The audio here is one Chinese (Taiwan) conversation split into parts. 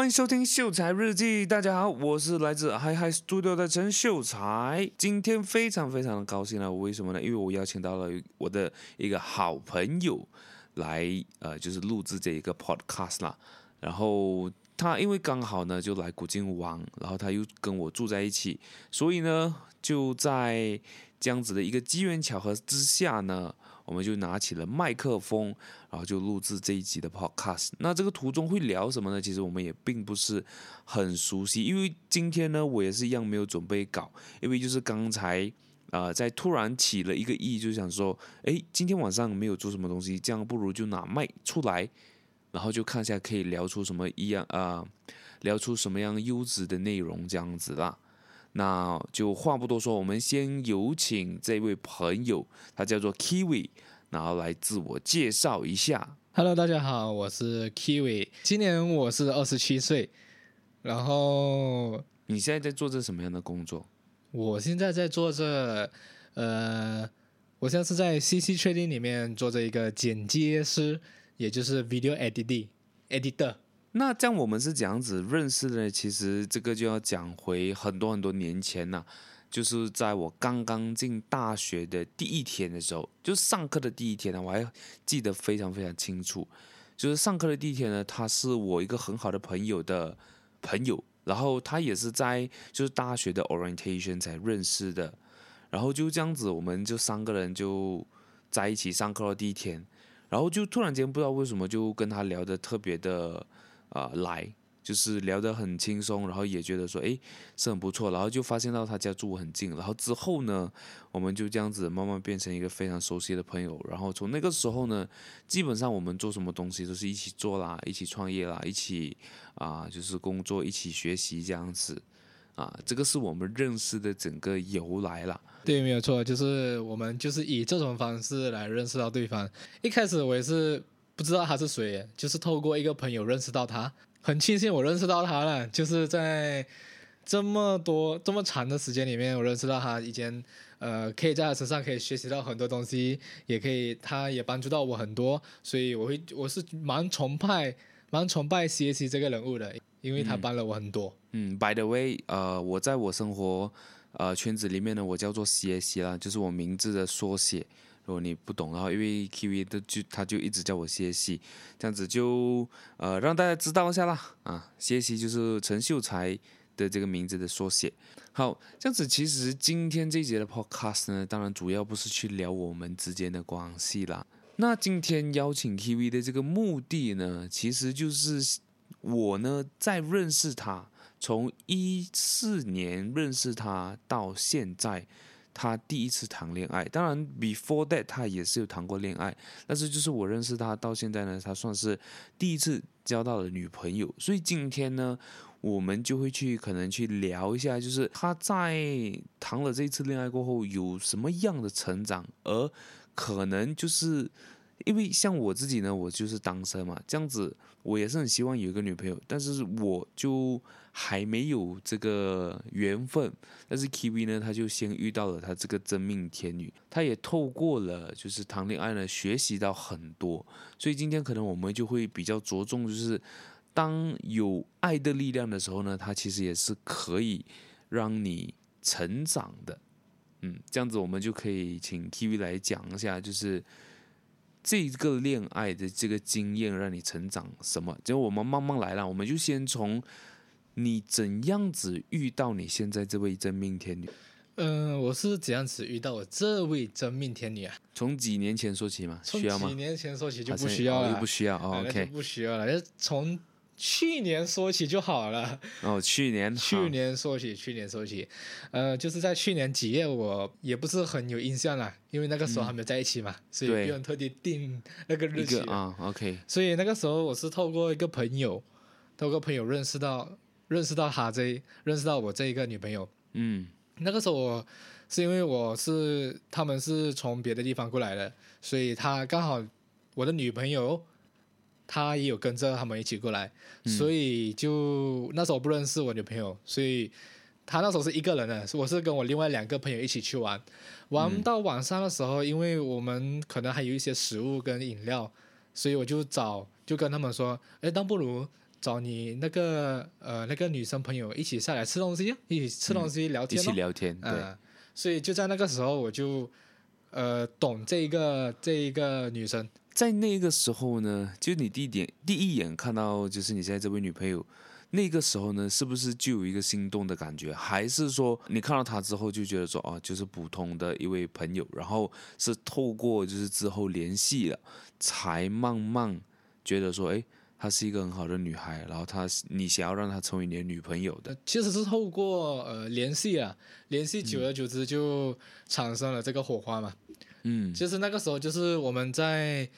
歡迎收聽《秀財日記》，大家好，我是來自嗨嗨 studio 的陳秀財。今天非常非常的高興了、啊，為什麼呢？因為我邀請到了我的一個好朋友來，呃，就是錄製這一個 podcast 啦。然後他因為剛好呢就來古晉玩，然後他又跟我住在一起，所以呢就在這樣子的一個機緣巧合之下呢。我們就拿起了麥克風，然後就錄製這一集的 podcast。那這個途中會聊什麼呢？其實我們也並不是很熟悉，因為今天呢，我也是一樣沒有準備稿，因為就是剛才啊、呃，在突然起了一個意，就想說，哎，今天晚上沒有做什麼東西，這樣不如就拿麥出來，然後就看一下可以聊出什麼一樣啊、呃，聊出什麼樣優質的內容這樣子啦。那就話不多說，我們先有請這位朋友，他叫做 Kiwi，然後來自我介紹一下。Hello，大家好，我是 Kiwi，今年我是二十七歲。然後你現在在做着什麼樣的工作？我現在在做着，呃，我現在是在 CC Trading 裡面做着一個剪接師，也就是 Video Editing Editor。那這樣我們是怎樣子認識的呢？其實這個就要講回很多很多年前吶、啊，就是在我剛剛進大學的第一天的時候，就上課的第一天呢、啊，我還記得非常非常清楚。就是上課的第一天呢，他是我一個很好的朋友的朋友，然後他也是在就是大學的 orientation 才認識的，然後就這樣子，我們就三個人就在一起上課的第一天，然後就突然間不知道為什麼就跟他聊得特別的。啊、呃，來就是聊得很輕鬆，然後也覺得說，誒是很不錯，然後就發現到他家住很近，然後之後呢，我們就這樣子慢慢變成一個非常熟悉的朋友，然後從那個時候呢，基本上我們做什麼東西都、就是一起做啦，一起創業啦，一起啊、呃、就是工作，一起學習這樣子，啊、呃，這個是我們認識的整個由來了。對，沒有錯，就是我們就是以這種方式來認識到對方。一開始我也是。不知道他是誰，就是透過一個朋友認識到他。很慶幸我認識到他了，就是在這麼多這麼長的時間裡面，我認識到他以前，呃，可以在他身上可以學習到很多東西，也可以，他也幫助到我很多。所以我會，我是蠻崇拜、蠻崇拜 C.S.C 這個人物的，因為他幫了我很多。嗯，嗯，By the way，呃，我在我生活呃圈子裡面呢，我叫做 C.S.C 啦，就是我名字的縮寫。如果你不懂的話，因為 Kiwi 的就他就一直叫我 CSC，這樣子就呃讓大家知道一下啦。啊，CSC 就是陳秀財的這個名字的縮寫。好，這樣子其實今天這一節的 Podcast 呢，當然主要不是去聊我們之間的關係啦。那今天邀請 Kiwi 的這個目的呢，其實就是我呢在認識他，從一四年認識他到現在。他第一次談戀愛，當然 before that 他也是有談過戀愛，但是就是我認識他到現在呢，他算是第一次交到了女朋友。所以今天呢，我們就會去可能去聊一下，就是他在談了這次戀愛過後有什麼樣的成長，而可能就是。因為像我自己呢，我就是單身嘛，這樣子我也是很希望有一個女朋友，但是我就還沒有這個緣分。但是 Kiwi 呢，他就先遇到了他這個真命天女，他也透過了就是談戀愛呢，學習到很多。所以今天可能我們就會比較着重就是，當有愛的力量的時候呢，它其實也是可以讓你成長的。嗯，這樣子我們就可以請 Kiwi 來講一下，就是。這個戀愛的這個經驗讓你成長什麼？就我們慢慢來了，我們就先從你怎樣子遇到你現在這位真命天女。嗯、呃，我是怎樣子遇到我這位真命天女啊？從幾年前說起嗎？需要嗎？幾年前說起就不需要了，不需要哦。OK。不需要了，就從。去年說起就好了哦，去年去年說起，好去年說起，呃，就是在去年幾月我也不是很有印象了，啊，因為那個時候還沒有在一起嘛，嗯，所以不用特地定那個日期啊，哦。OK。所以那個時候我是透過一個朋友，透過朋友認識到認識到哈賊，認識到我這一個女朋友。嗯。那個時候我是因為我是他們是從別的地方過來的，所以他剛好我的女朋友。他也有跟着他們一起過來，嗯、所以就那時候不認識我女朋友，所以他那時候是一個人呢，我是跟我另外兩個朋友一起去玩，玩到晚上的時候，嗯、因為我們可能還有一些食物跟飲料，所以我就找，就跟他們說，哎，倒不如找你那個呃那個女生朋友一起下來吃東西，一起吃東西聊天、嗯。一起聊天，對、呃。所以就在那個時候，我就呃懂這一個這一個女生。在那個時候呢，就你第一眼第一眼看到就是你現在這位女朋友，那個時候呢，是不是就有一個心動的感覺？還是說你看到她之後就覺得說，哦、啊，就是普通的一位朋友，然後是透過就是之後聯繫了，才慢慢覺得說，哎，她是一個很好的女孩，然後她你想要讓她成為你的女朋友的，其實是透過呃聯繫啊，聯繫久而久之就產生了這個火花嘛，嗯，其實那個時候就是我們在。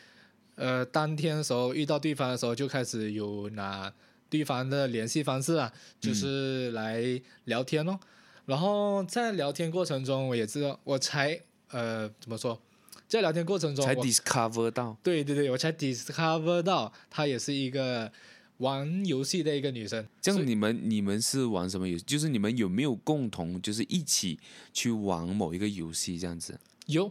呃，當天的時候遇到對方的時候就開始有拿對方的聯繫方式啊，就是來聊天咯。嗯。然後在聊天過程中，我也知道，我才呃怎麼說，在聊天過程中我才 discover 到，對對對，我才 discover 到她也是一個玩遊戲的一個女生。這樣，你們你們是玩什麼遊戲？就是你們有沒有共同就是一起去玩某一個遊戲這樣子？有。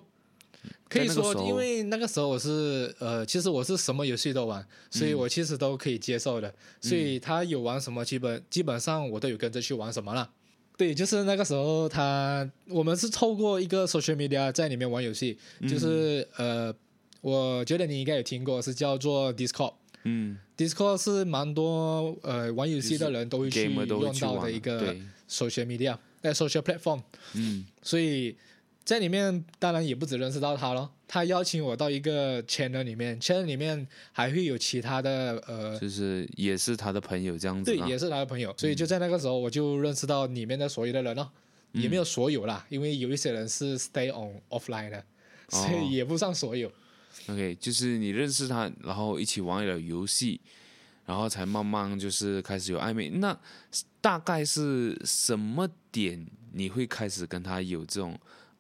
可以說，因為那個時候我是呃，其實我是什麼遊戲都玩，所以我其實都可以接受的。嗯、所以他有玩什麼，基本基本上我都有跟着去玩什麼了。對，就是那個時候他，他我們是透過一個 social media 在裡面玩遊戲，嗯、就是呃，我覺得你應該有聽過，是叫做 Discord、嗯、Discord。Discord 是蠻多呃玩遊戲的人都會去用到的一個 social media，在、uh, social platform。嗯，所以。在裡面當然也不只認識到他嘍。他邀請我到一個 channel 裡面，channel 裡面還會有其他的呃，就是也是他的朋友這樣子。對，也是他的朋友，嗯、所以就在那個時候我就認識到裡面的所有的人咯，也沒有所有啦，嗯、因為有一些人是 stay on offline 的，哦、所以也不算所有。OK，就是你認識他，然後一起玩了遊戲，然後才慢慢就是開始有曖昧。那大概是什麼點你會開始跟他有這種？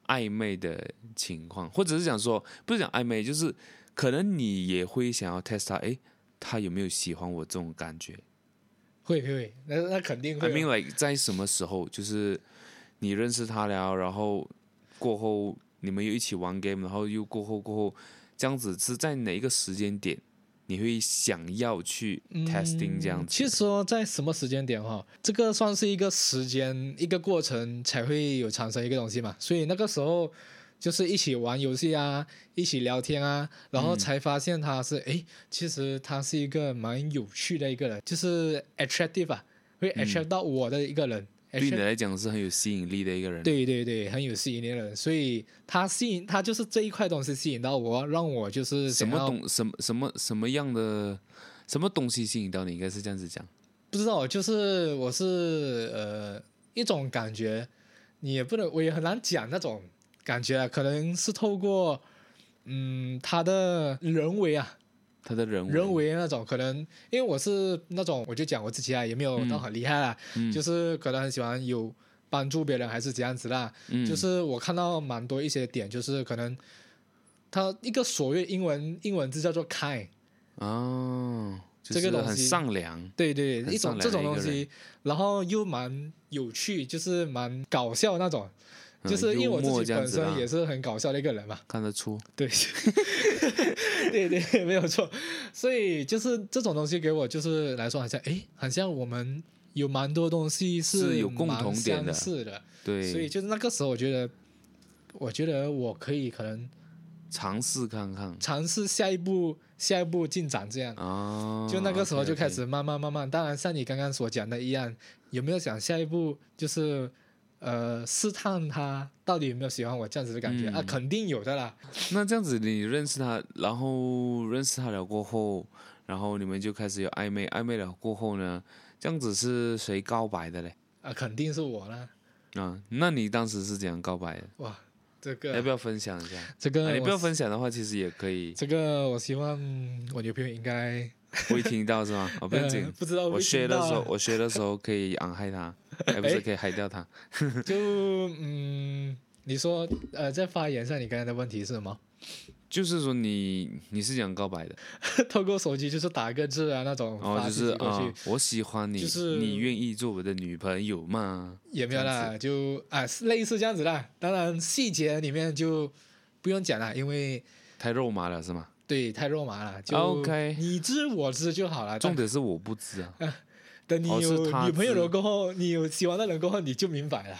曖昧的情況，或者是想說，不是講曖昧，就是可能你也會想要 test 他，誒，他有沒有喜歡我這種感覺？會會，那那肯定會哦。I mean like 在什麼時候，就是你認識他了，然後過後你們又一起玩 game，然後又過後過後這樣子是在哪一個時間點？你會想要去 testing 這樣子的、嗯，其實說在什麼時間點哈、哦，這個算是一個時間一個過程才會有產生一個東西嘛，所以那個時候就是一起玩遊戲啊，一起聊天啊，然後才發現他是，哎、嗯，其實他是一個蠻有趣的一個人，就是 attractive 啊，會 attract 到我的一個人。嗯。對你來講是很有吸引力的一個人，對對對，很有吸引力的人，所以他吸引，他就是這一塊東西吸引到我，讓我就是想什麼東什麼什麼什麼樣的什麼東西吸引到你，應該是這樣子講。不知道，就是我是呃一種感覺，你也不能，我也很難講那種感覺啊，可能是透過嗯他的人為啊。他的人人為那種可能，因為我是那種，我就講我自己啊，也沒有到很厲害啦，嗯、就是可能很喜歡有幫助別人還是這樣子啦。嗯、就是我看到蠻多一些點，就是可能他一個所謂英文英文字叫做 “kind”，啊、哦，就是、這個東西很善良，對對，一種這種東西，然後又蠻有趣，就是蠻搞笑那種。就是因為我自己本身也是很搞笑的一個人嘛，看得出，對， 對，對對，沒有錯。 所以就是這種東西給我就是來說，好像哎、欸，好像我們有蠻多東西是蠻相似的，是有共同點的，的，所以就是那個時候，我覺得，我覺得我可以可能嘗試看看，嘗試下一步，下一步進展這樣。哦、就那個時候就開始慢慢慢慢。當然，像你剛剛所講的一樣，有沒有想下一步就是？呃，試探他到底有沒有喜歡我這樣子的感覺、嗯、啊，肯定有的啦。那這樣子你認識他，然後認識他了過後，然後你們就開始有曖昧，曖昧了過後呢，這樣子是誰告白的嘞？啊，肯定是我啦。啊，那你當時是怎樣告白的？哇，這個要不要分享一下？這個、啊、你不要分享的話，其實也可以。這個我希望我女朋友應該，會聽到是嗎？哦、 嗯，我不用緊，不知道。我，我學的時候，我學的時候可以昂嗨他，還、 哎、不是可以嗨掉他。 就嗯，你說呃，在發言上，你剛才的問題是什麼？就是說你你是想告白的， 透過手機就是打個字啊那種、哦，就是啊、呃，我喜歡你，就是你願意做我的女朋友嗎？也沒有啦，就啊，類似這樣子啦。當然細節裡面就不用講啦，因為太肉麻了，是嗎？對，太肉麻了。就。OK，你知我知就好了。Okay, 對重點是我不知啊。啊等你有、哦、女朋友了過後，你有喜歡的人過後，你就明白了。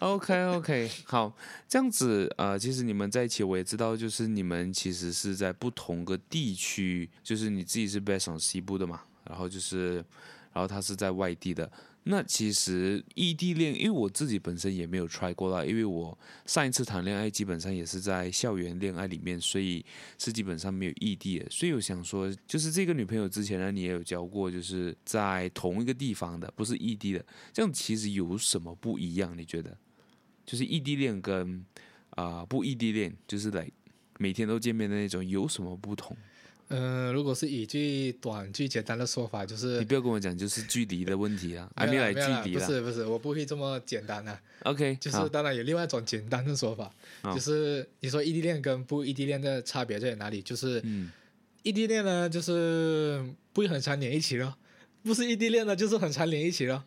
OK，OK，okay, okay, 好，這樣子啊、呃。其實你們在一起，我也知道，就是你們其實是在不同個地區，就是你自己是 based on 西部的嘛，然後就是，然後他是在外地的。那其實異地戀，因為我自己本身也沒有 try 過啦，因為我上一次談戀愛基本上也是在校園戀愛裡面，所以是基本上沒有異地的。所以我想說，就是這個女朋友之前呢，你也有交過，就是在同一個地方的，不是異地的，這樣其實有什麼不一樣？你覺得，就是異地戀跟啊、呃、不異地戀，就是來每天都見面的那種，有什麼不同？嗯、呃，如果是以最短最簡單的說法，就是你不要跟我講，就是距離的問題啊，還沒有，不是，不是，我不會這麼簡單的、啊。OK，就是當然有另外一種簡單的說法，oh. 就是你說異地戀跟不異地戀的差別在哪裡？就是異、嗯、地戀呢，就是不會很常連一起咯，不是異地戀呢，就是很常連一起咯。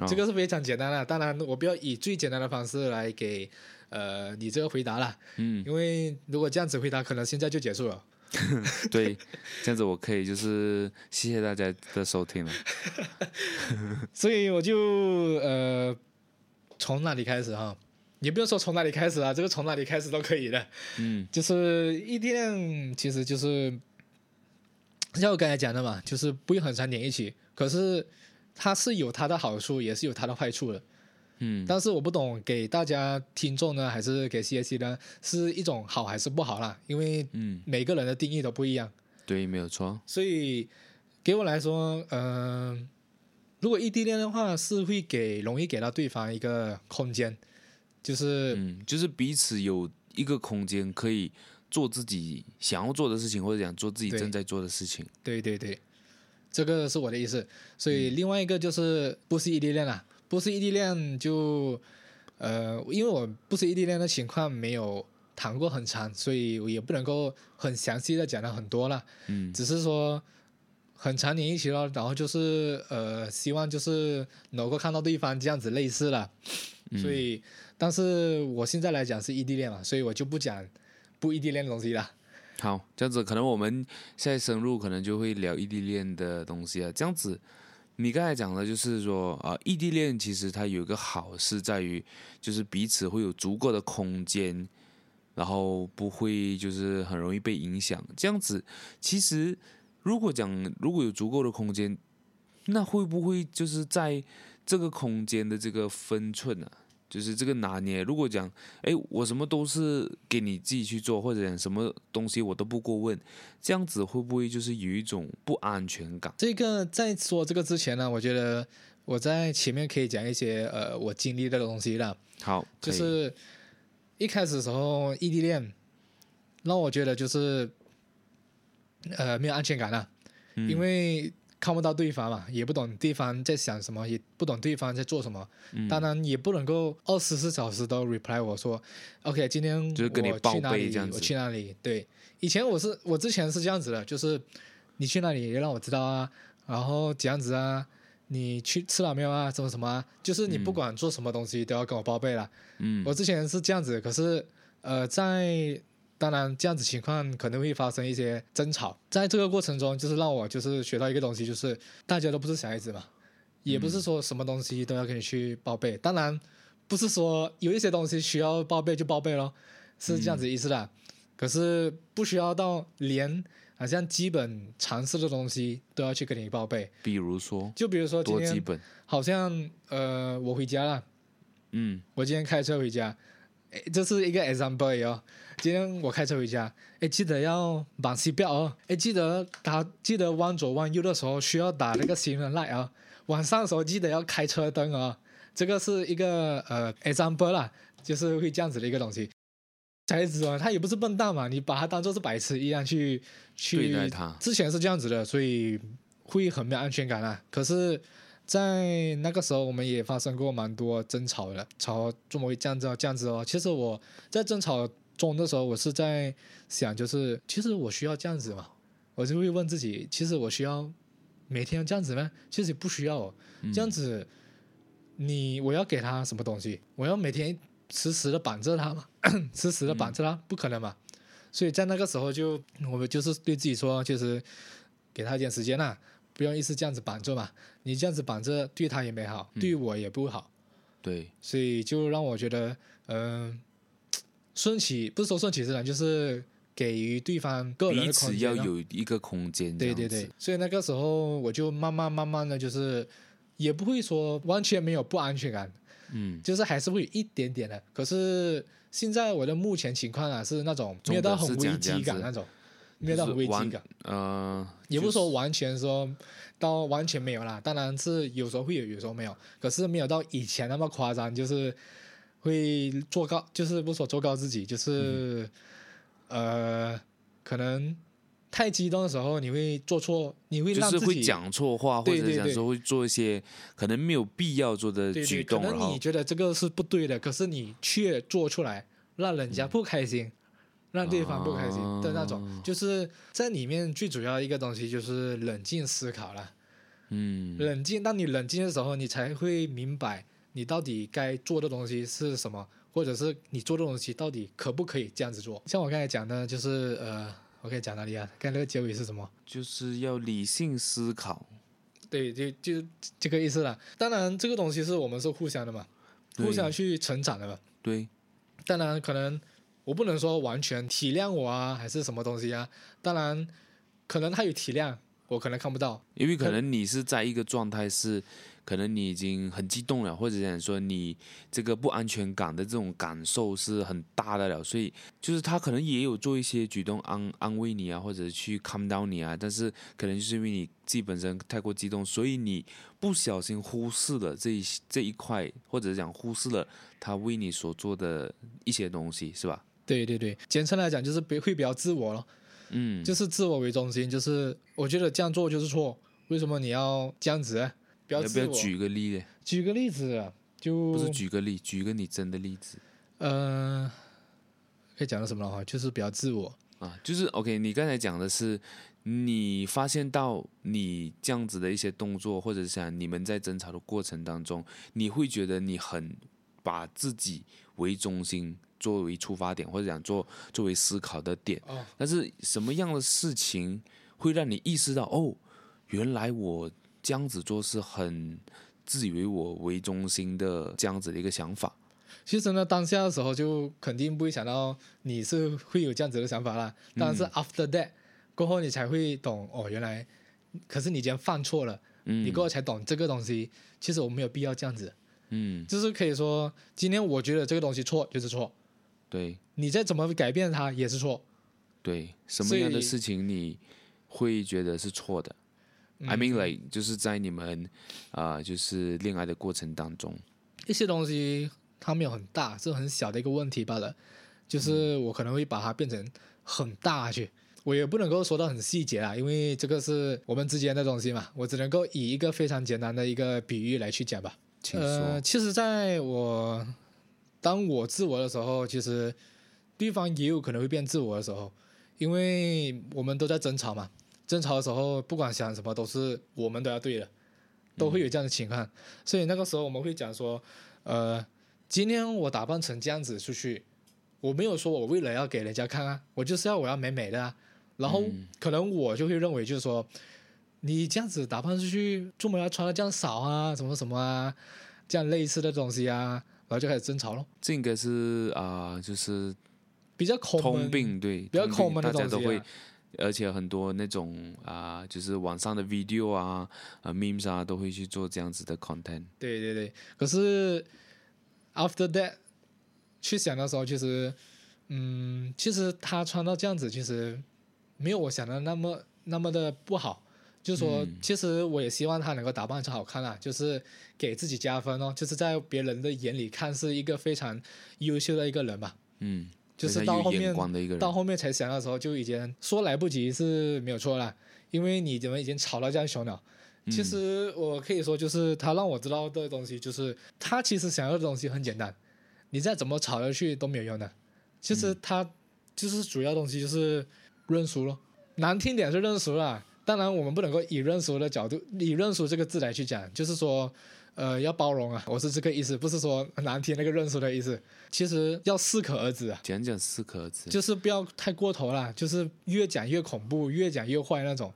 Oh. 這個是非常簡單的、啊，當然我不要以最簡單的方式來給呃你這個回答了，嗯、因為如果這樣子回答，可能現在就結束了。 對， 這樣子我可以就是謝謝大家的收聽了。所以我就呃從哪裡開始哈，也不用說從哪裡開始啊，這個從哪裡開始都可以的。嗯，就是異地戀，其實就是像我剛才講的嘛，就是不用很常聯繫，可是它是有它的好處，也是有它的壞處的。嗯，但是我不懂，給大家聽眾呢，還是給 CSC 呢，是一種好還是不好啦？因為嗯，每個人的定義都不一樣，嗯、對，沒有錯。所以給我來說，嗯、呃，如果異地戀的話，是會給容易給到對方一個空間，就是嗯，就是彼此有一個空間可以做自己想要做的事情，或者想做自己正在做的事情。對對對、對，這個是我的意思。所以、嗯、另外一個就是不是異地戀了、啊。不是異地戀就，呃，因為我不是異地戀的情況沒有談過很長，所以我也不能夠很詳細的講了很多了。嗯，只是說很長年一起咯，然後就是呃，希望就是能夠看到對方這樣子類似了。嗯。所以，但是我現在來講是異地戀嘛，所以我就不講不異地戀的東西了。好，這樣子可能我們現在深入可能就會聊異地戀的東西啊，這樣子。你剛才講的，就是說，呃、啊，異地戀其實它有一個好，是在於，就是彼此會有足夠的空間，然後不會就是很容易被影響。這樣子，其實如果講如果有足夠的空間，那會不會就是在這個空間的這個分寸啊？就是這個拿捏，如果講，哎，我什麼都是給你自己去做，或者什麼東西我都不過問，這樣子會不會就是有一種不安全感？這個在說這個之前呢，我覺得我在前面可以講一些呃我經歷的東西了。好，就是一開始時候異地戀，讓我覺得就是呃沒有安全感了，嗯、因為。看不到對方嘛，也不懂對方在想什麼，也不懂對方在做什麼。嗯、當然也不能夠二十四小時都 reply 我說，OK，今天我去哪裡？我去哪裡？對，以前我是我之前是這樣子的，就是你去哪裡讓我知道啊，然後這樣子啊，你去吃了沒有啊？什麼什麼、啊？就是你不管做什麼東西都要跟我報備了。嗯，我之前是這樣子，可是呃在。當然，這樣子情況可能會發生一些爭吵，在這個過程中，就是讓我就是學到一個東西，就是大家都不是小孩子嘛，也不是說什麼東西都要跟你去報備。當然，不是說有一些東西需要報備就報備嘍，是這樣子意思啦。可是不需要到連好像基本常識的東西都要去跟你報備，比如說，就比如說今天好像呃，我回家了，嗯，我今天開車回家。誒，這是一個 example 喲、哦。今天我開車回家，誒，記得要綁氣票哦，誒，記得他記得往左往右的時候需要打那個行人來啊，晚上的時候記得要開車燈哦。這個是一個呃 example 啦，就是會這樣子的一個東西。小孩子啊，他也不是笨蛋嘛，你把他當做是白痴一樣去去對待他。之前是這樣子的，所以會很沒有安全感啊。可是。在那個時候，我們也發生過蠻多爭吵的，吵怎麼會這樣子哦，這樣子哦。其實我在爭吵中的時候，我是在想，就是其實我需要這樣子嘛，我就會問自己，其實我需要每天這樣子嗎？其實不需要、哦，嗯、這樣子，你我要給他什麼東西？我要每天時時的綁着他嘛， 時時的綁着他，不可能嘛。嗯、所以在那個時候就，就我們就是對自己說，其實給他一點時間啦、啊。不要一直這樣子綁着嘛，你這樣子綁着對他也沒好，對我也不好。嗯、對，所以就讓我覺得，嗯、呃，順其，不是說順其自然，就是給予對方個人的，只要有一個空間。對對對，所以那個時候我就慢慢慢慢的，就是也不會說完全沒有不安全感，嗯，就是還是會有一點點的。可是現在我的目前情況啊，是那種沒有到很危機感那種。沒有到很危機感，嗯，呃、也不是說完全說、就是、到完全沒有啦，當然是有時候會有，有時候沒有，可是沒有到以前那麼誇張，就是會做高，就是不說做高自己，就是、嗯、呃，可能太激動的時候你會做錯，你會讓自己就是會講錯話，或者講說會做一些可能沒有必要做的舉動，然後你覺得這個是不對的，可是你卻做出來，讓人家不開心。嗯讓對方不開心的那種，就是在裡面最主要一個東西就是冷靜思考了，嗯，冷靜。當你冷靜的時候，你才會明白你到底該做的東西是什麼，或者是你做的東西到底可不可以這樣子做。像我剛才講的，就是呃，我可以講哪裡啊？剛才那個結尾是什麼？就是要理性思考。對，就就這個意思了。當然，這個東西是我們是互相的嘛，互相去成長的嘛。對。當然可能。我不能說完全體諒我啊，還是什麼東西啊？當然，可能他有體諒，我可能看不到，因為可能你是在一個狀態是，可能你已經很激動了，或者想說你這個不安全感的這種感受是很大的了，所以就是他可能也有做一些舉動安安慰你啊，或者去看到你啊，但是可能就是因為你自己本身太過激動，所以你不小心忽視了這這一塊，或者講忽視了他為你所做的一些東西，是吧？對對對，簡稱來講就是比會比較自我了，嗯，就是自我為中心，就是我覺得這樣做就是錯，為什麼你要這樣子？比較要不要舉個例嘞？舉個例子，就不是舉個例，舉個你真的例子。呃，可以講到什麼的話，就是比較自我啊，就是 OK，你剛才講的是你發現到你這樣子的一些動作，或者像你們在爭吵的過程當中，你會覺得你很把自己為中心。作為出發點，或者想做作，作為思考的點，oh. 但是什麼樣的事情會讓你意識到哦，原來我這樣子做是很自以為我為中心的這樣子的一個想法。其實呢，當下的時候就肯定不會想到你是會有這樣子的想法啦。但是 after、嗯、that 過後你才會懂哦，原來可是你已經犯錯了，嗯，你過後才懂這個東西，其實我沒有必要這樣子，嗯，就是可以說今天我覺得這個東西錯就是錯。對，你再怎麼改變它也是錯。對，什麼樣的事情你會覺得是錯的？嗯，I mean，like，就是在你們啊，呃，就是戀愛的過程當中，一些東西它沒有很大，是很小的一個問題罷了。就是我可能會把它變成很大去，我也不能夠說到很細節啊，因為這個是我們之間的東西嘛，我只能夠以一個非常簡單的一個比喻來去講吧。請說。呃，其實，在我。當我自我的時候，其實對方也有可能會變自我的時候，因為我們都在爭吵嘛，爭吵的時候，不管想什麼都是我們都要對的，都會有這樣的情況，嗯、所以那個時候我們會講說，呃，今天我打扮成這樣子出去，我沒有說我為了要給人家看啊，我就是要我要美美的啊，然後可能我就會認為就是說，你這樣子打扮出去，出門要穿的這樣少啊，什麼什麼啊，這樣類似的東西啊。然後就開始爭吵了。這應該是啊、呃，就是比較 common，通病，對，比較 common 的東西，大家都會，啊、而且很多那種啊、呃，就是網上的 video 啊，啊，meme 啊，都會去做這樣子的 content。對對對，可是 after that 去想的時候，其實，嗯，其實他穿到這樣子，其實沒有我想的那麼那麼的不好。就是說，其實我也希望他能夠打扮出好看啦，啊，就是給自己加分哦，就是在別人的眼裡看是一個非常優秀的一個人吧。嗯，就是到後面到後面才想要的時候就已經說來不及是沒有錯了，因為你怎麼已經吵到這樣兇了。其實我可以說，就是他讓我知道的東西，就是他其實想要的東西很簡單，你再怎麼吵下去都沒有用的。其實他就是主要東西就是認輸咯，難聽點是認輸了。當然，我們不能夠以認輸的角度，以認輸這個字來去講，就是說，呃，要包容啊，我是這個意思，不是說難聽那個認輸的意思，其實要適可而止啊。講講適可而止，就是不要太過頭啦，就是越講越恐怖，越講越壞那種，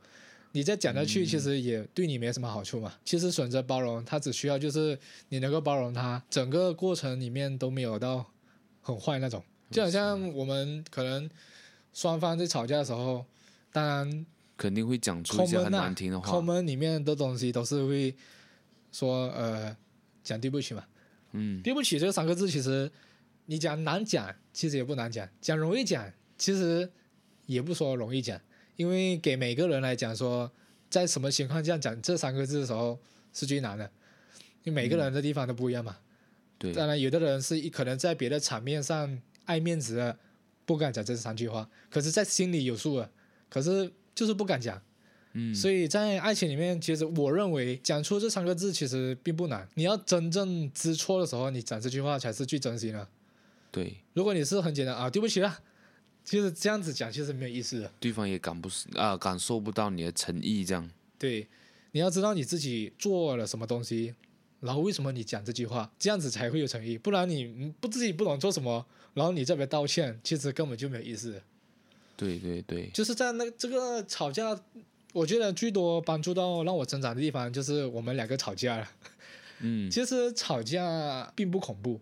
你再講下去，其實也對你沒什麼好處嘛。嗯、其實選擇包容，它只需要就是你能夠包容它，整個過程裡面都沒有到很壞那種，就好像我們可能雙方在吵架的時候，當然。肯定會講出一些很難聽的話。他們、啊、裡面的東西都是會說呃，講對不起嘛。嗯，對不起這三個字其實你講難講，其實也不難講；講容易講，其實也不說容易講。因為給每個人來講說，說在什麼情況下講這三個字的時候是最難的，因為每個人的地方都不一樣嘛。嗯、對，當然有的人是可能在別的場面上愛面子的，不敢講這三句話，可是在心裡有數了。可是。就是不敢講，嗯，所以在愛情裡面，其實我認為講出這三個字其實並不難。你要真正知錯的時候，你講這句話才是最真心的。對，如果你是很簡單啊，對不起啦，其實這樣子講其實沒有意思的。對方也感不啊、呃、感受不到你的誠意，這樣。對，你要知道你自己做了什麼東西，然後為什麼你講這句話，這樣子才會有誠意。不然你不自己不懂做什麼，然後你這邊道歉，其實根本就沒有意思。對對對，就是在那個，這個吵架，我覺得最多幫助到讓我成長的地方就是我們兩個吵架了。嗯，其實吵架並不恐怖，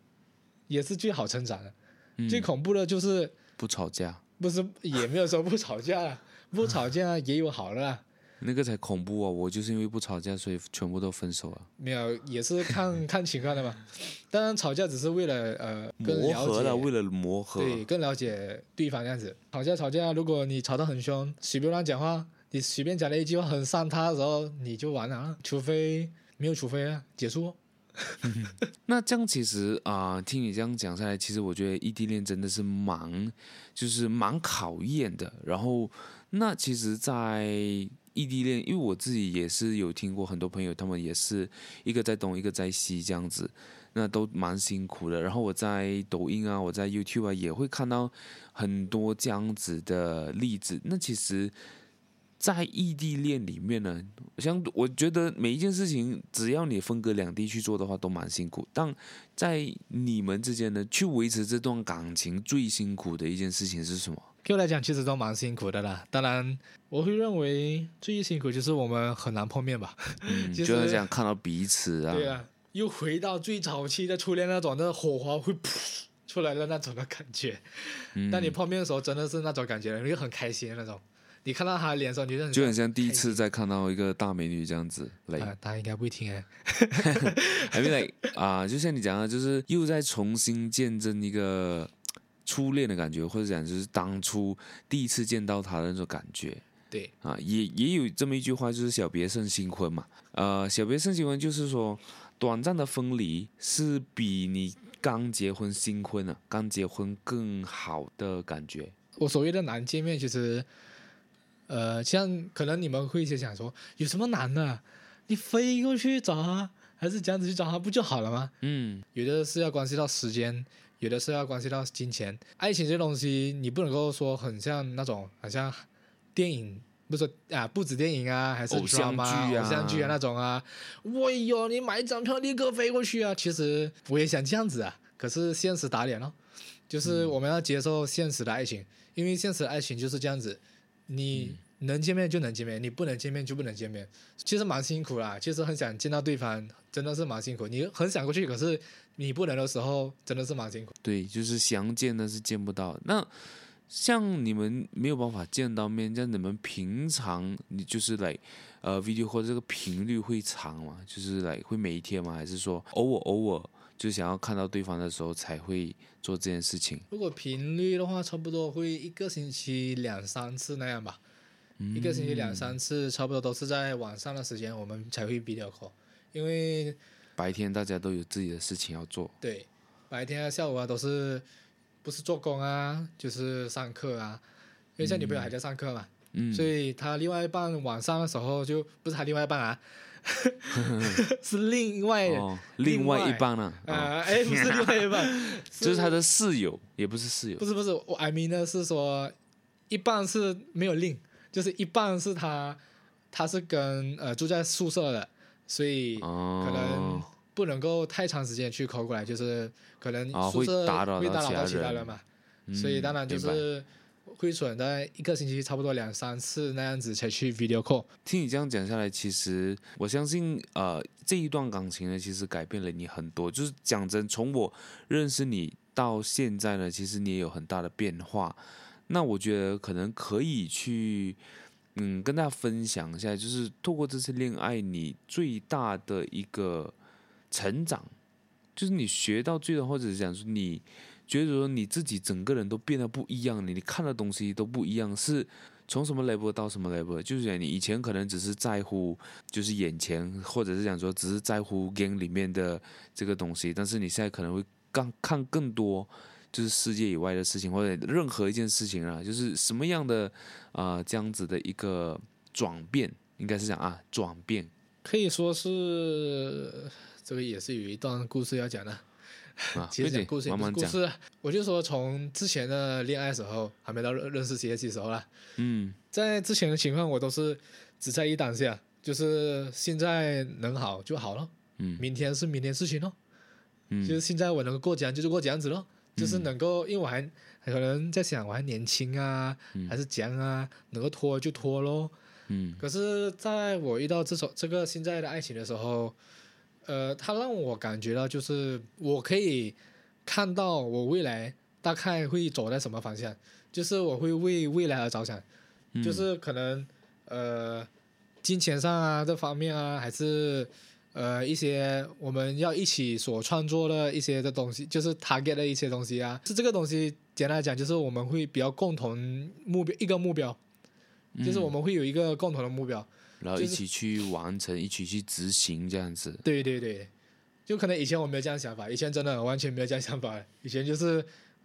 也是最好成長的。嗯，最恐怖的就是不吵架，不是也沒有說不吵架， 不吵架也有好的。 那個才恐怖啊！哦！我就是因為不吵架，所以全部都分手了。沒有，也是看看情況的嘛。 當然，吵架只是為了呃，磨合了，了解為了磨合。對，更了解對方這樣子。吵架吵架，如果你吵得很凶，隨便亂講話，你隨便講了一句話很傷他的時候，你就完了，啊。除非沒有，除非啊，結束。 那這樣其實啊、呃，聽你這樣講下來，其實我覺得異地戀真的是蠻，就是蠻考驗的。然後，那其實在，在異地戀，因為我自己也是有聽過很多朋友，他們也是一個在東，一個在西這樣子，那都蠻辛苦的。然後我在抖音啊，我在 YouTube 啊，也會看到很多這樣子的例子。那其實，在異地戀裡面呢，像我覺得每一件事情，只要你分隔兩地去做的話，都蠻辛苦。但在你們之間呢，去維持這段感情最辛苦的一件事情是什麼？對我來講，其實都蠻辛苦的啦。當然，我會認為最辛苦就是我們很難碰面吧。嗯、實就是想看到彼此啊。對啊，又回到最早期的初戀那種，那火花會噗出來的那種的感覺。嗯。當你碰面的時候，真的是那種感覺，你就很開心的那種。你看到他的臉上你就很像第一次在看到一個大美女這樣子。雷心，大家、呃、應該不會聽還哎，對啊，就像你講的，就是又在重新見證一個。初戀的感覺，或者講就是當初第一次見到他的那種感覺。對啊，也也有這麼一句話，就是“小別勝新婚”嘛。呃，“小別勝新婚”就是說，短暫的分離是比你剛結婚新婚啊，剛結婚更好的感覺。我所謂的難見面，就是，其實呃，像可能你們會一些想說，有什麼難的？你飛過去找他，還是這樣子去找他，不就好了嗎？嗯，有的是要關係到時間。有的是要關係到金錢，愛情這東西你不能夠說很像那種，好像電影不是說啊，不止電影啊，還是偶像劇、偶像劇啊偶像劇那種啊。哎呦，你買一張票立刻飛過去啊！其實我也想這樣子啊，可是現實打臉了，哦，就是我們要接受現實的愛情，嗯、因為現實的愛情就是這樣子，你。嗯能見面就能見面，你不能見面就不能見面，其實蠻辛苦啦。其實很想見到對方，真的是蠻辛苦。你很想過去，可是你不能的時候，真的是蠻辛苦。對，就是想見那是見不到。那像你們沒有辦法見到面，那你們平常你就是來，呃，video 或者這個頻率會長嗎？就是來會每一天嗎？還是說偶爾偶爾就想要看到對方的時候才會做這件事情？如果頻率的話，差不多會一個星期兩三次那樣吧。一個星期兩三次，嗯、差不多都是在晚上的時間，我們才會比較靠，因為白天大家都有自己的事情要做。對，白天的下午啊，都是不是做工啊，就是上課啊。因為像女朋友還在上課嘛，嗯、所以她另外一半晚上的時候就、嗯、不是她另外一半啊， 是另外、哦、另外另外一半啊、哦、呃誒不是另外一半， 是就是他的室友，也不是室友。不是不是，我 M 呢是說，一半是沒有另。就是一半是他，他是跟呃住在宿舍的，所以可能不能夠太長時間去 call 過來，就是可能宿舍、哦、會,打會打擾到其他人嘛，嗯、所以當然就是會存在一個星期差不多兩三次那樣子才去 video call。聽你這樣講下來，其實我相信呃這一段感情呢，其實改變了你很多。就是講真，從我認識你到現在呢，其實你也有很大的變化。那我覺得可能可以去，嗯，跟大家分享一下，就是透過這次戀愛，你最大的一個成長，就是你學到最後，或者是講說你覺得說你自己整個人都變得不一樣，你看的東西都不一樣，是從什麼 level 到什麼 level。就是講你以前可能只是在乎就是眼前，或者是講說只是在乎 game 裡面的這個東西，但是你現在可能會更看更多。就是世界以外的事情，或者任何一件事情啊，就是什麼樣的啊、呃、這樣子的一個轉變，應該是講啊轉變，可以說是這個也是有一段故事要講的、啊、其實講故事，也故事，慢故講。嗯、我就說從之前的戀愛的時候，還沒到認識在一的時候啦。嗯，在之前的情況，我都是只在意當下，就是現在能好就好了。嗯，明天是明天事情咯。嗯，就是現在我能過這樣，就是過這樣子咯。就是能夠，因為我還可能在想我還年輕啊，還是怎樣啊，能夠拖就拖咯。嗯，可是在我遇到這首這個現在的愛情的時候，呃，他讓我感覺到，就是我可以看到我未來大概會走在什麼方向，就是我會為未來而着想，就是可能呃，金錢上啊這方面啊還是。呃，一些我們要一起所創作的一些的東西，就是 target 的一些東西啊，是這個東西。簡單來講，就是我們會比較共同目標一個目標，嗯、就是我們會有一個共同的目標，然後一起去完成，就是，一起去執行這樣子。對對對，就可能以前我沒有這樣想法，以前真的完全沒有這樣想法，以前就是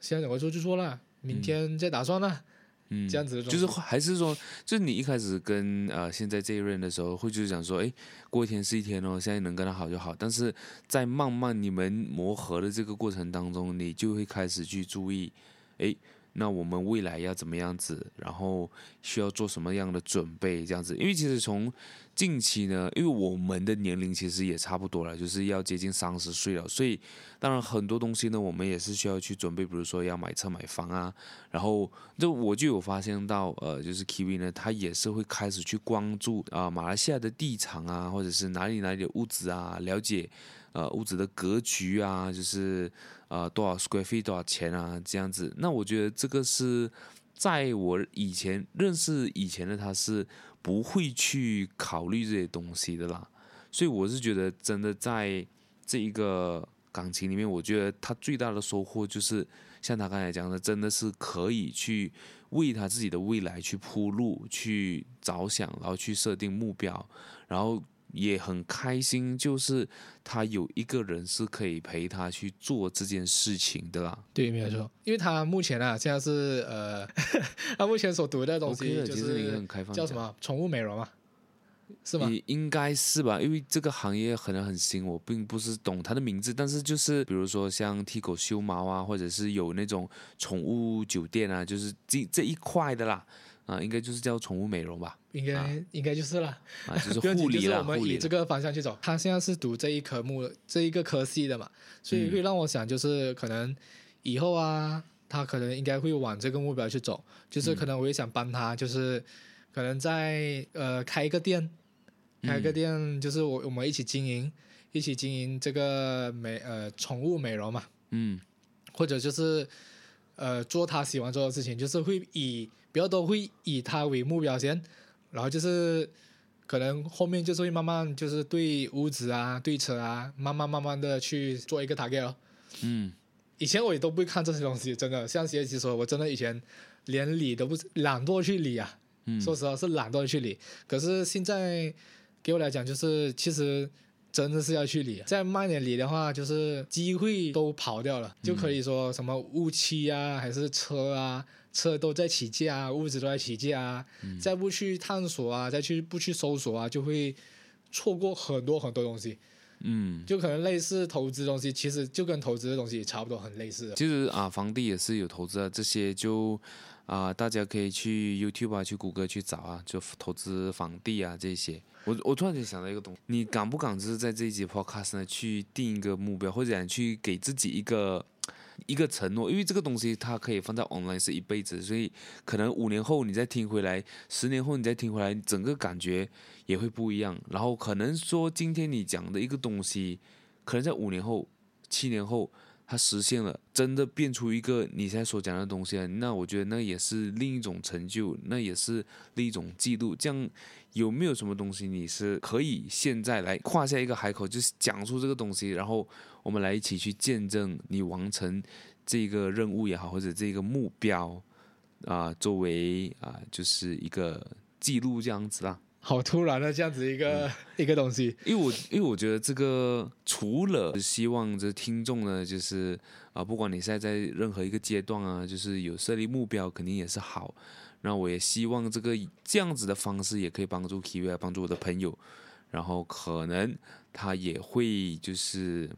現在怎麼說就做了，明天再打算了。嗯嗯，這樣子就是還是說，就是你一開始跟呃現在這一任的時候，會就是講說，誒，過一天是一天哦，現在能跟他好就好。但是在慢慢你們磨合的這個過程當中，你就會開始去注意，誒，那我們未來要怎麼樣子？然後需要做什麼樣的準備？這樣子，因為其實從近期呢，因為我們的年齡其實也差不多了，就是要接近三十歲了，所以當然很多東西呢，我們也是需要去準備，比如說要買車、買房啊。然後，就我就有發現到，呃，就是 Kiwi 呢，他也是會開始去關注啊、呃，馬來西亞的地產啊，或者是哪裡哪裡的屋子啊，了解。呃，屋子的格局啊，就是呃，多少 square feet 多少錢啊，這樣子。那我覺得這個是在我以前認識以前的他是不會去考慮這些東西的啦。所以我是覺得，真的在這一個感情裡面，我覺得他最大的收穫就是像他剛才講的，真的是可以去為他自己的未來去鋪路，去着想，然後去設定目標，然後。也很開心，就是他有一個人是可以陪他去做這件事情的啦。對，沒有錯，因為他目前啊，現在是呃，他目前所讀的東西就是叫什麼寵物美容啊，是嗎？也應該是吧，因為這個行業很很新，我並不是懂它的名字，但是就是比如說像替狗修毛啊，或者是有那種寵物酒店啊，就是這這一塊的啦。啊，應該就是叫寵物美容吧，應該、啊、應該就是了，護、啊就是、理。 我們以這個方向去走，他現在是讀這一科目，這一個科系的嘛，所以會讓我想，就是可能以後啊，他可能應該會往這個目標去走，就是可能我也想幫他，就是可能在、嗯、呃開一個店，嗯、開個店，就是我我們一起經營，一起經營這個美呃寵物美容嘛，嗯，或者就是呃做他喜歡做的事情，就是會以，比較都會以他為目標先，然後就是可能後面就是會慢慢就是對屋子啊、對車啊，慢慢慢慢的去做一個 target。嗯，以前我也都不會看這些東西，真的像秀財說，我真的以前連理都不懶惰去理啊。嗯，說實話是懶惰去理，可是現在給我來講就是，其實真的是要去理。再慢點理的話，就是機會都跑掉了，嗯、就可以說什麼霧氣啊，還是車啊。車都在起價啊，物質都在起價啊，嗯、再不去探索啊，再去不去搜索啊，就會錯過很多很多東西。嗯，就可能類似投資東西，其實就跟投資的東西也差不多，很類似的。其實啊，房地也是有投資的、啊，這些就啊、呃，大家可以去 YouTube 啊，去谷歌去找啊，就投資房地啊這些。我我突然就想到一個東西，你敢不敢就是在這一期 Podcast 呢去定一個目標，或者想去給自己一個。一個承諾，因為這個東西它可以放在 online 是一輩子，所以可能五年後你再聽回來，十年後你再聽回來，整個感覺也會不一樣。然後可能說今天你講的一個東西，可能在五年後、七年後它實現了，真的變出一個你現在所講的東西，那我覺得那也是另一種成就，那也是另一種記錄。這樣有沒有什麼東西你是可以現在來跨下一個海口，就是講出這個東西，然後？我們來一起去見證你完成這個任務也好，或者這個目標啊、呃，作為啊、呃、就是一個記錄這樣子啦。好突然的、啊、這樣子一個、嗯、一個東西，因為我因為我覺得這個除了希望這聽眾呢，就是啊、呃，不管你現在在任何一個階段啊，就是有設立目標肯定也是好。那我也希望這個這樣子的方式也可以幫助 Kiwi 幫助我的朋友，然後可能他也會就是。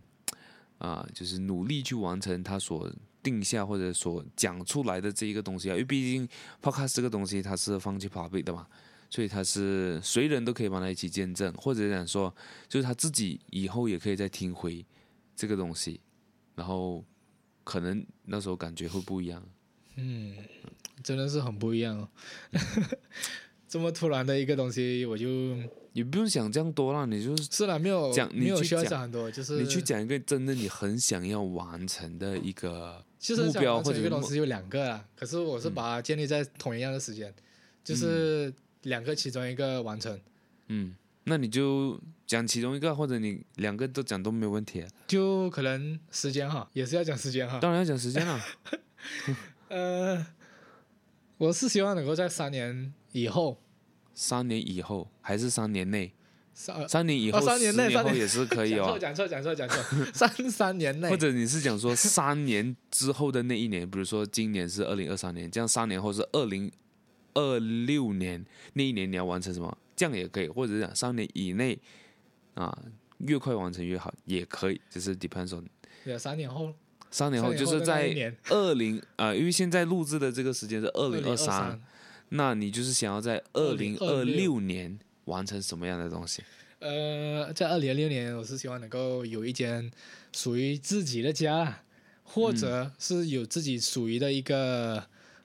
啊，就是努力去完成他所定下或者所講出來的這一個東西啊，因為畢竟 podcast 這個東西它是放棄 public 的嘛，所以他是誰人都可以幫他一起見證，或者講說，就是他自己以後也可以再聽回這個東西，然後可能那時候感覺會不一樣。嗯，真的是很不一樣哦， 這麼突然的一個東西，我就。你不用想這樣多了，你就是是啦，沒有講，你沒有需要講很多，就是你去講一個真的你很想要完成的一個目標或者。這個東西有兩個啦，嗯、可是我是把它建立在同一樣的時間，就是兩個其中一個完成。嗯，嗯，那你就講其中一個，或者你兩個都講都沒有問題。就可能時間哈，也是要講時間哈。當然要講時間了、啊。 呃，我是希望能夠在三年以後。三年以後還是三年內？三年以後，三年內後也是可以哦。講錯講錯講錯講錯，三三年內，或者你是講說三年之後的那一年，比如說今年是二零二三年，這樣三年後是二零二六年那一年你要完成什麼？這樣也可以，或者講三年以內啊，越快完成越好，也可以，就是 depends on。三年後，三年後就是在二零啊，因為現在錄制的這個時間是二零二三。那你就是想要在二零二六年完成什麼樣的東西？呃，在二零二六年，我是希望能夠有一間屬於自己的家，嗯、或者是有自己屬於的一個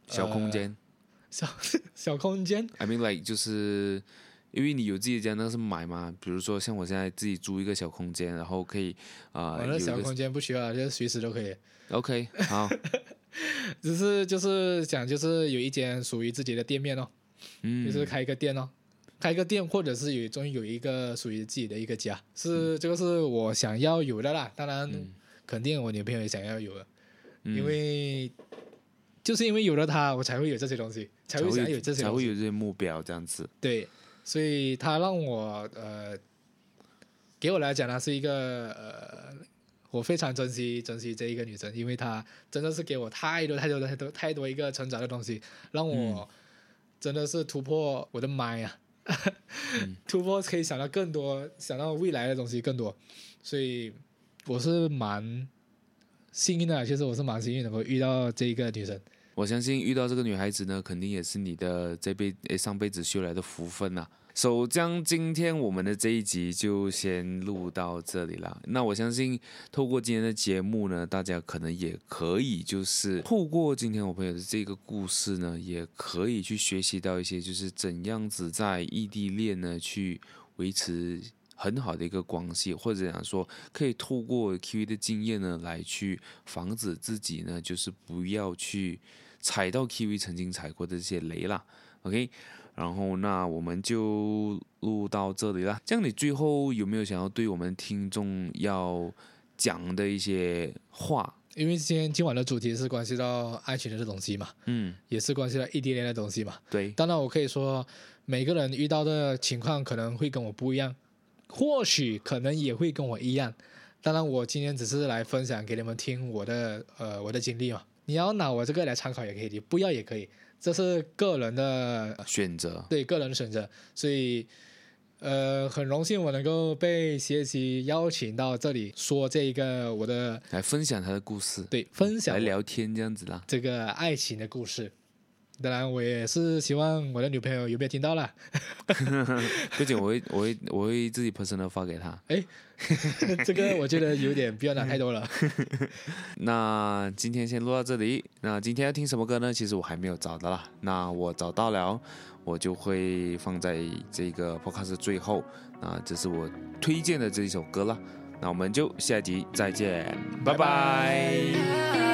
小空間，呃、小小空間。I mean, like 就是。因為你有自己的家，那是買嗎？比如說像我現在自己租一個小空間，然後可以，啊、呃，我那小空間不需要，就是隨時都可以。OK，好， 只是就是想就是有一間屬於自己的店面嘍、哦，嗯，就是開一個店嘍、哦，開一個店，或者是有終於有一個屬於自己的一個家，是這個、嗯、是我想要有的啦。當然，肯定我女朋友也想要有的，嗯、因為就是因為有了她，我才會有這些東西，才會想要有這些東西才，才會有這些目標這樣子。對。所以她讓我呃，給我來講呢是一個呃，我非常珍惜珍惜這一個女生，因為她真的是給我太多太多太多太多一個成長的東西，讓我真的是突破我的媽呀、啊嗯、突破可以想到更多，想到未來的東西更多，所以我是蠻幸運的，其實我是蠻幸運能夠遇到這一個女生。我相信遇到這個女孩子呢，肯定也是你的這輩誒、哎、上輩子修來的福分吶、啊。首、so, 將今天我們的這一集就先錄到這裡了。那我相信，透過今天的節目呢，大家可能也可以就是透過今天我朋友的這個故事呢，也可以去學習到一些就是怎樣子在異地戀呢去維持很好的一個關係，或者怎樣說可以透過 Kiwi 的經驗呢來去防止自己呢就是不要去。踩到 Kiwi 曾經踩過的這些雷了，OK，然後那我們就錄到這裡了。這樣你最後有沒有想要對我們聽眾要講的一些話？因為今天今晚的主題是關係到愛情的東西嘛，嗯，也是關係到異地戀的東西嘛。對，當然我可以說每個人遇到的情況可能會跟我不一樣，或許可能也會跟我一樣。當然我今天只是來分享給你們聽我的呃我的經歷嘛。你要拿我這個來參考也可以，你不要也可以，這是個人的選擇。對，個人的選擇。所以，呃，很榮幸我能夠被秀財邀請到這裡說這一個我的來分享他的故事。對，嗯、分享來聊天這樣子的這個愛情的故事。當然，我也是希望我的女朋友有沒有聽到啦 。不僅我會，我會，我會自己 personal 發給她誒。 這個我覺得有點不要拿太多了。 嗯、 那今天先錄到這裡。那今天要聽什麼歌呢？其實我還沒有找到啦。那我找到了，我就會放在這個 podcast 最後。啊，這是我推薦的這一首歌了。那我們就下集再見，拜拜。拜拜。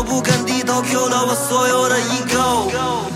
我不肯低頭，丟了我所有的 ego。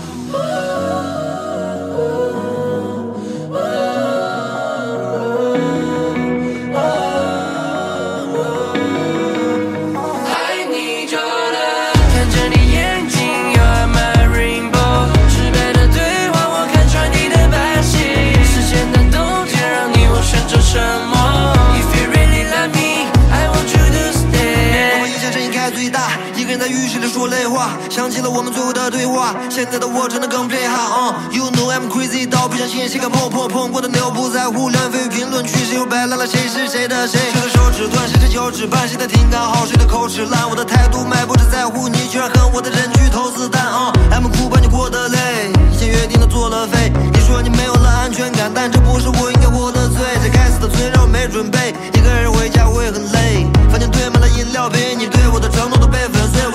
對話，現在的我真的更配人喊。Uh, you know I'm crazy，到不想清醒誰敢碰碰碰過的妞不在乎，流言蜚語評論區，誰又擺爛了誰是誰的誰。誰的手指斷，誰的腳趾絆，誰的聽感好，誰的口齒爛。我的態度，賣不只在乎你，居然恨我的人去投子彈。Uh, I'm cool，把你過得累，以前約定都作了廢。你說你沒有了安全感，但這不是我應該活的罪。這該死的讓我沒準備，一個人回家會很累。房間堆滿了飲料杯，你對我的承諾都被粉碎。